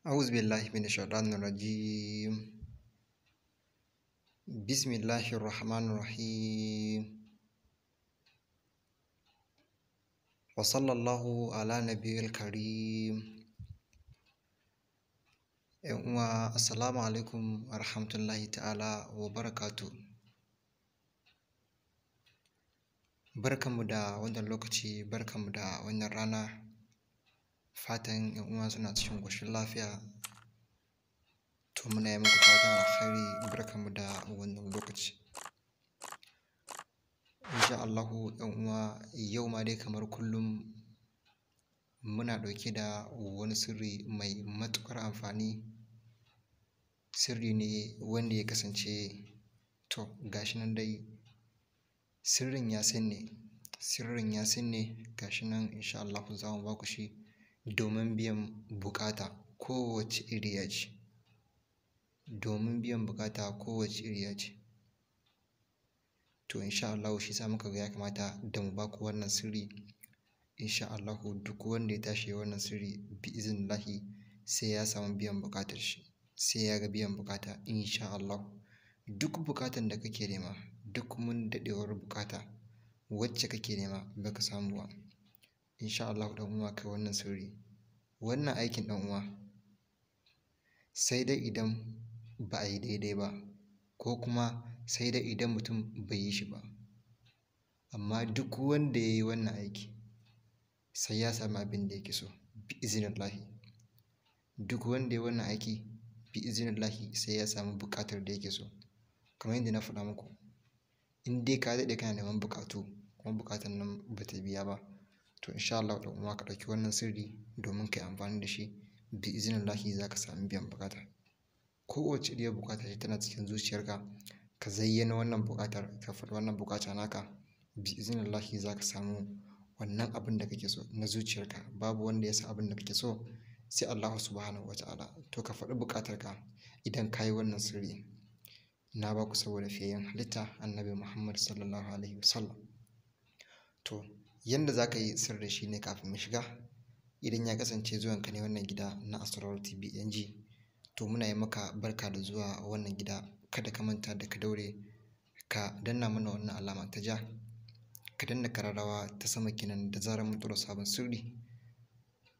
أعوذ بالله من الشيطان الرجيم بسم الله الرحمن الرحيم وصلى الله على نبي الكريم wa assalamu alaikum wa rahmatullahi ta'ala wa barkato. barkanmu da wannan lokaci barkanmu da wannan rana fatan yan uwa suna cikin ƙoshin lafiya to muna yi muku fatan alkhairi barkanmu da wannan lokaci insha Allahu yan uwa yau ma dai kamar kullum muna ɗauke da wani sirri mai matuƙar amfani sirri ne wanda ya kasance to gashi nan dai sirrin ya ne sirrin ya ne gashi nan insha Allahu za mu ba ku shi domin biyan buƙata kowace iriya ce domin biyan buƙata kowace iriya ce to insha Allah shi sa muka ga ya kamata da mu baku wannan sirri insha Allah duk wanda ya tashi wannan sirri bi izin lahi sai ya samu biyan buƙatar shi sai ya ga biyan buƙata insha Allah duk bukatan da kake nema duk mun daɗewar buƙata wacce kake nema baka samu ba insha Allah dan uwa kai wannan sirri wannan aikin dan uwa sai dai idan ba a yi daidai ba ko kuma sai dai idan mutum bai yi shi ba amma duk wanda ya yi wannan aiki sai ya sami abin da yake so bi lahi duk wanda ya wannan aiki bi lahi sai ya sami buƙatar da yake so kamar yadda na faɗa muku in dai ka daɗe kana neman bukatu kuma bukatar nan ba ta biya ba to insha Allah ɗan uwa ka ɗauki wannan sirri domin kai amfani da shi bi izinin lahi za ka samu biyan bukata kowace ɗiyar bukata ce tana cikin zuciyarka ka zayyana wannan bukatar ka faɗi wannan bukata naka bi izinin lahi za ka samu wannan abin da kake so na zuciyarka babu wanda ya san abin da kake so sai Allah subhanahu wa ta'ala to ka faɗi bukatarka idan ka yi wannan sirri na ba ku saboda fiyayyen halitta annabi muhammad sallallahu alaihi wasallam to yanda za ka yi da shi ne kafin mu shiga idan ya kasance zuwanka ne wannan gida na Asrar TV NG to muna yi maka barka da zuwa wannan gida kada ka manta da ka daure ka danna mana wannan alama ta ja ka danna kararrawa ta sama kinan da zarar mun tura sabon sirri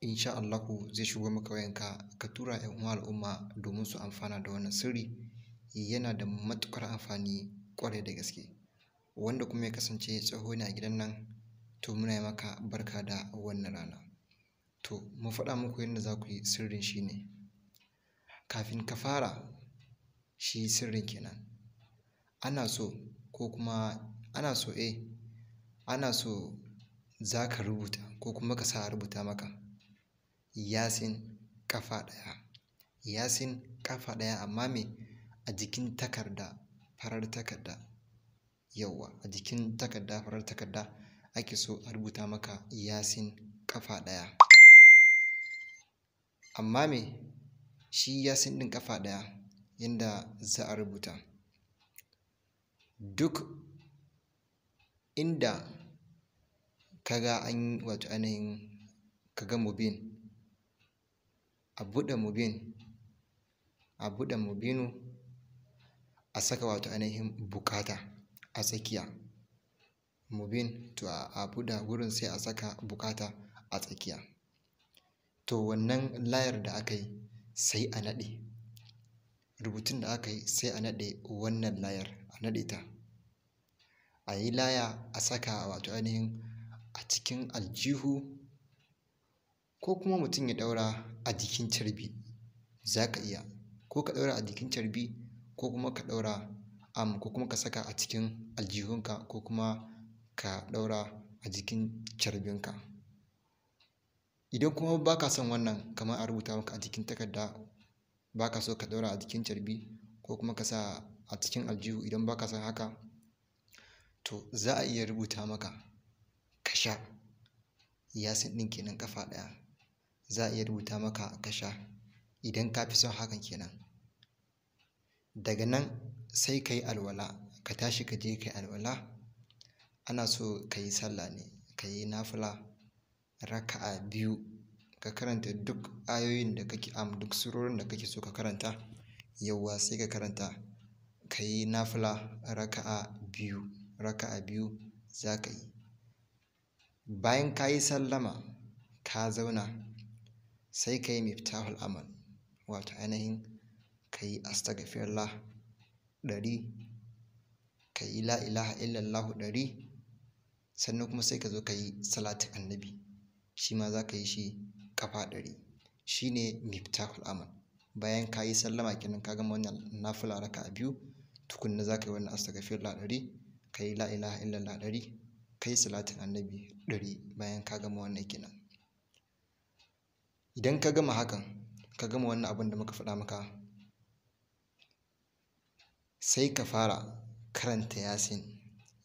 insha Allahu zai shigo maka wayanka ka tura 'yan uwa al'umma domin su amfana da wannan sirri yana da matukar amfani kwarai da gaske wanda kuma ya kasance tsoho ne a gidan nan to muna yi maka barka da wannan rana to mu faɗa muku yadda za ku yi sirrin shi ne kafin ka fara shi sirrin kenan ana so ko kuma ana so e ana so za ka rubuta ko kuma ka sa a rubuta maka yasin kafa ɗaya yasin kafa ɗaya amma me a jikin takarda farar takarda yauwa a jikin takarda farar takarda ake so a rubuta maka yasin ƙafa ɗaya amma me shi yasin ɗin ƙafa ɗaya yadda za a rubuta duk inda ka ga an wato ainihin ga mubin a buɗe mubin a buɗe mubinu a saka wato ainihin buƙata a tsakiya mubin to a buɗe wurin sai a saka buƙata a tsakiya to wannan layar da aka yi sai a naɗe rubutun da aka yi sai a naɗe wannan layar a naɗe ta a yi laya a saka wato ainihin a cikin aljihu ko kuma mutum ya ɗaura a jikin carbi za ka iya ko ka ɗaura a jikin carbi ko kuma ka ɗaura ko kuma ka saka a cikin aljihunka ko kuma ka ɗaura a jikin carbinka idan kuma ba ka son wannan kamar a rubuta maka a jikin takarda ba ka so ka ɗaura a jikin carbi ko kuma ka sa a cikin aljihu idan ba ka son haka to za a iya rubuta maka ka sha yasin ɗin kenan kafa ɗaya za a iya rubuta maka ka sha idan ka fi son hakan kenan daga nan sai ka yi alwala ka tashi ka je ka yi alwala ana so ka yi sallah ne ka yi nafila raka'a biyu ka karanta duk ayoyin da kake am duk surorin da kake so ka karanta yauwa sai ka karanta ka yi nafila raka'a biyu raka'a biyu za ka yi bayan ka yi sallama ka zauna sai ka yi miftahul amal wato ainihin ka yi astagfirullah ɗari ka yi la ilaha illallahu ɗari sannan kuma sai ka zo ka yi salatin annabi shi ma za ka yi shi kafa ɗari shi ne miftahul amal bayan ka yi sallama kenan ka gama wannan nafila raka a biyu tukunna za ka yi wannan la ɗari ka yi la ilaha illallah ɗari ka yi salatin annabi ɗari bayan ka gama wannan kenan idan ka gama hakan ka gama wannan abin da muka faɗa maka sai ka fara karanta yasin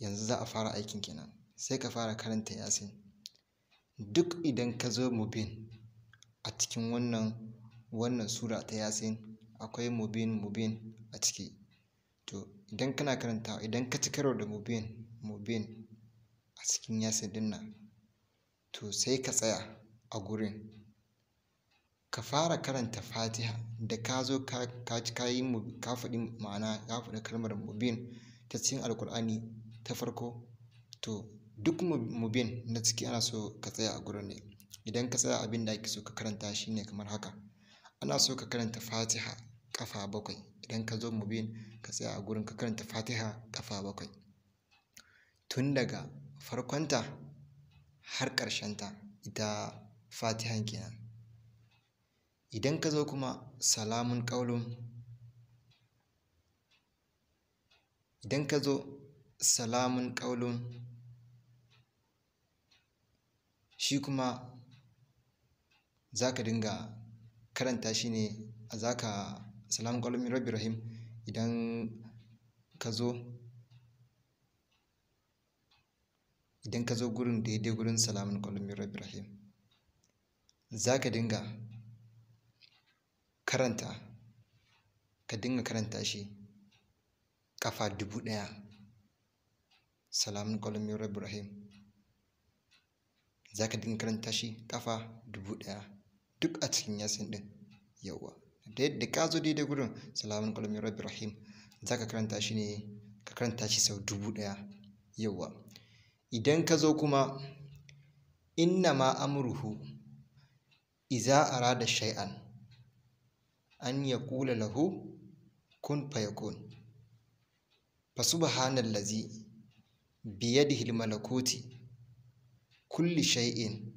yanzu za a fara aikin kenan sai ka fara karanta yasin duk idan ka zo mubin a cikin wannan wannan sura ta yasin akwai mubin mubin a ciki to idan kana karanta idan ka ci karo da mubin mubin a cikin yasin din nan to sai ka tsaya a gurin ka fara karanta fatiha da ka zo ka yi ka faɗi ma'ana ka faɗi kalmar mubin ta cikin alkur'ani ta farko to duk mubin na ciki ana so ka tsaya a gurin ne idan ka tsaya abin da ake so ka karanta shi ne kamar haka ana so ka karanta fatiha kafa bakwai idan ka zo mubin ka tsaya a gurin ka karanta fatiha kafa bakwai tun daga farkonta har ta ita fatihan kenan idan ka zo kuma salamun ƙaulun idan ka zo salamun ƙaulun shi kuma za ka dinga karanta shi ne a za ka salamun ƙwalumin rabbi rahim idan ka zo idan ka zo gurin daidai gurin salamun ƙwalumin rabbi rahim za ka dinga karanta ka dinga karanta shi kafa dubu ɗaya salamun ƙwalumin rabbi rahim za ka dinga karanta shi ƙafa dubu ɗaya duk a cikin yasin ɗin yawwa da yadda ka zo daidai gurin salamun alamin rabbi rahim za ka karanta shi ne ka karanta shi sau dubu ɗaya yawwa idan ka zo kuma inna ma amruhu iza arada shai'an. an kula lahu kun fayakun fa subhanallazi biyadihi almalakuti kulli shay'in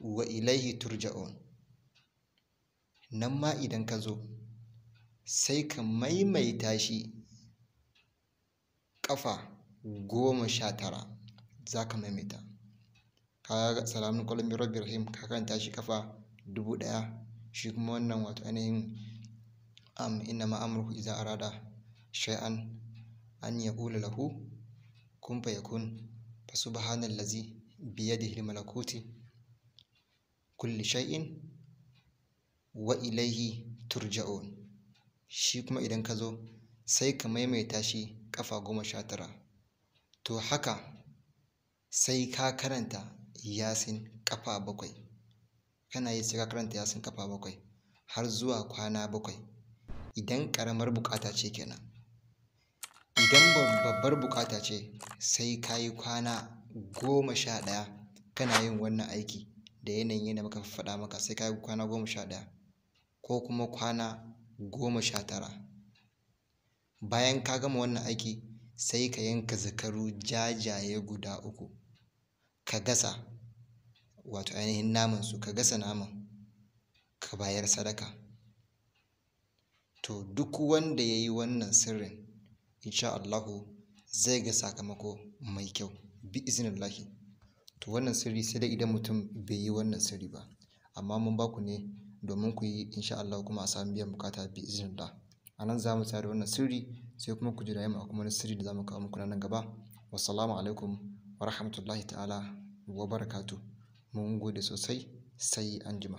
wa ilaihi turja'un nan ma idan ka zo sai ka maimaita shi ƙafa goma sha tara za ka maimaita kaga salamun kwalamin rabbi rahim ka karanta shi ƙafa dubu ɗaya shi kuma wannan wato ainihin am inna ma amruhu iza arada shay'an an yaqula lahu kun fayakun fa subhanallazi biyadihi malakuti kulli shay'in wa ilaihi turja'un shi kuma idan ka zo sai ka maimaita shi kafa goma sha tara to haka sai ka karanta yasin ƙafa bakwai kana yi sai ka karanta yasin kafa bakwai har zuwa kwana bakwai idan karamar buƙata ce kenan idan babbar buƙata ce sai ka yi kwana goma sha ɗaya kana yin wannan aiki da yanayin yana muka faɗa maka sai ka yi kwana goma sha ɗaya ko kuma kwana goma sha tara. Bayan ka gama wannan aiki sai ka yanka zakaru jajaye guda uku ka gasa wato ainihin naman su ka gasa naman ka bayar sadaka. To duk wanda ya yi wannan sirrin inshaAllahu, Allahu zai ga sakamako mai kyau. bi lahi to wannan sirri sai dai idan mutum bai yi wannan sirri ba amma mun ba ku ne domin ku yi insha Allah kuma a samu biyan bukata bi da a nan za mu tsaya wannan sirri sai kuma ku jira mu a kuma wani sirri da za mu kawo muku nan gaba Wasalamu alaikum wa rahmatullahi ta'ala wa barakatu mun gode sosai sai anjima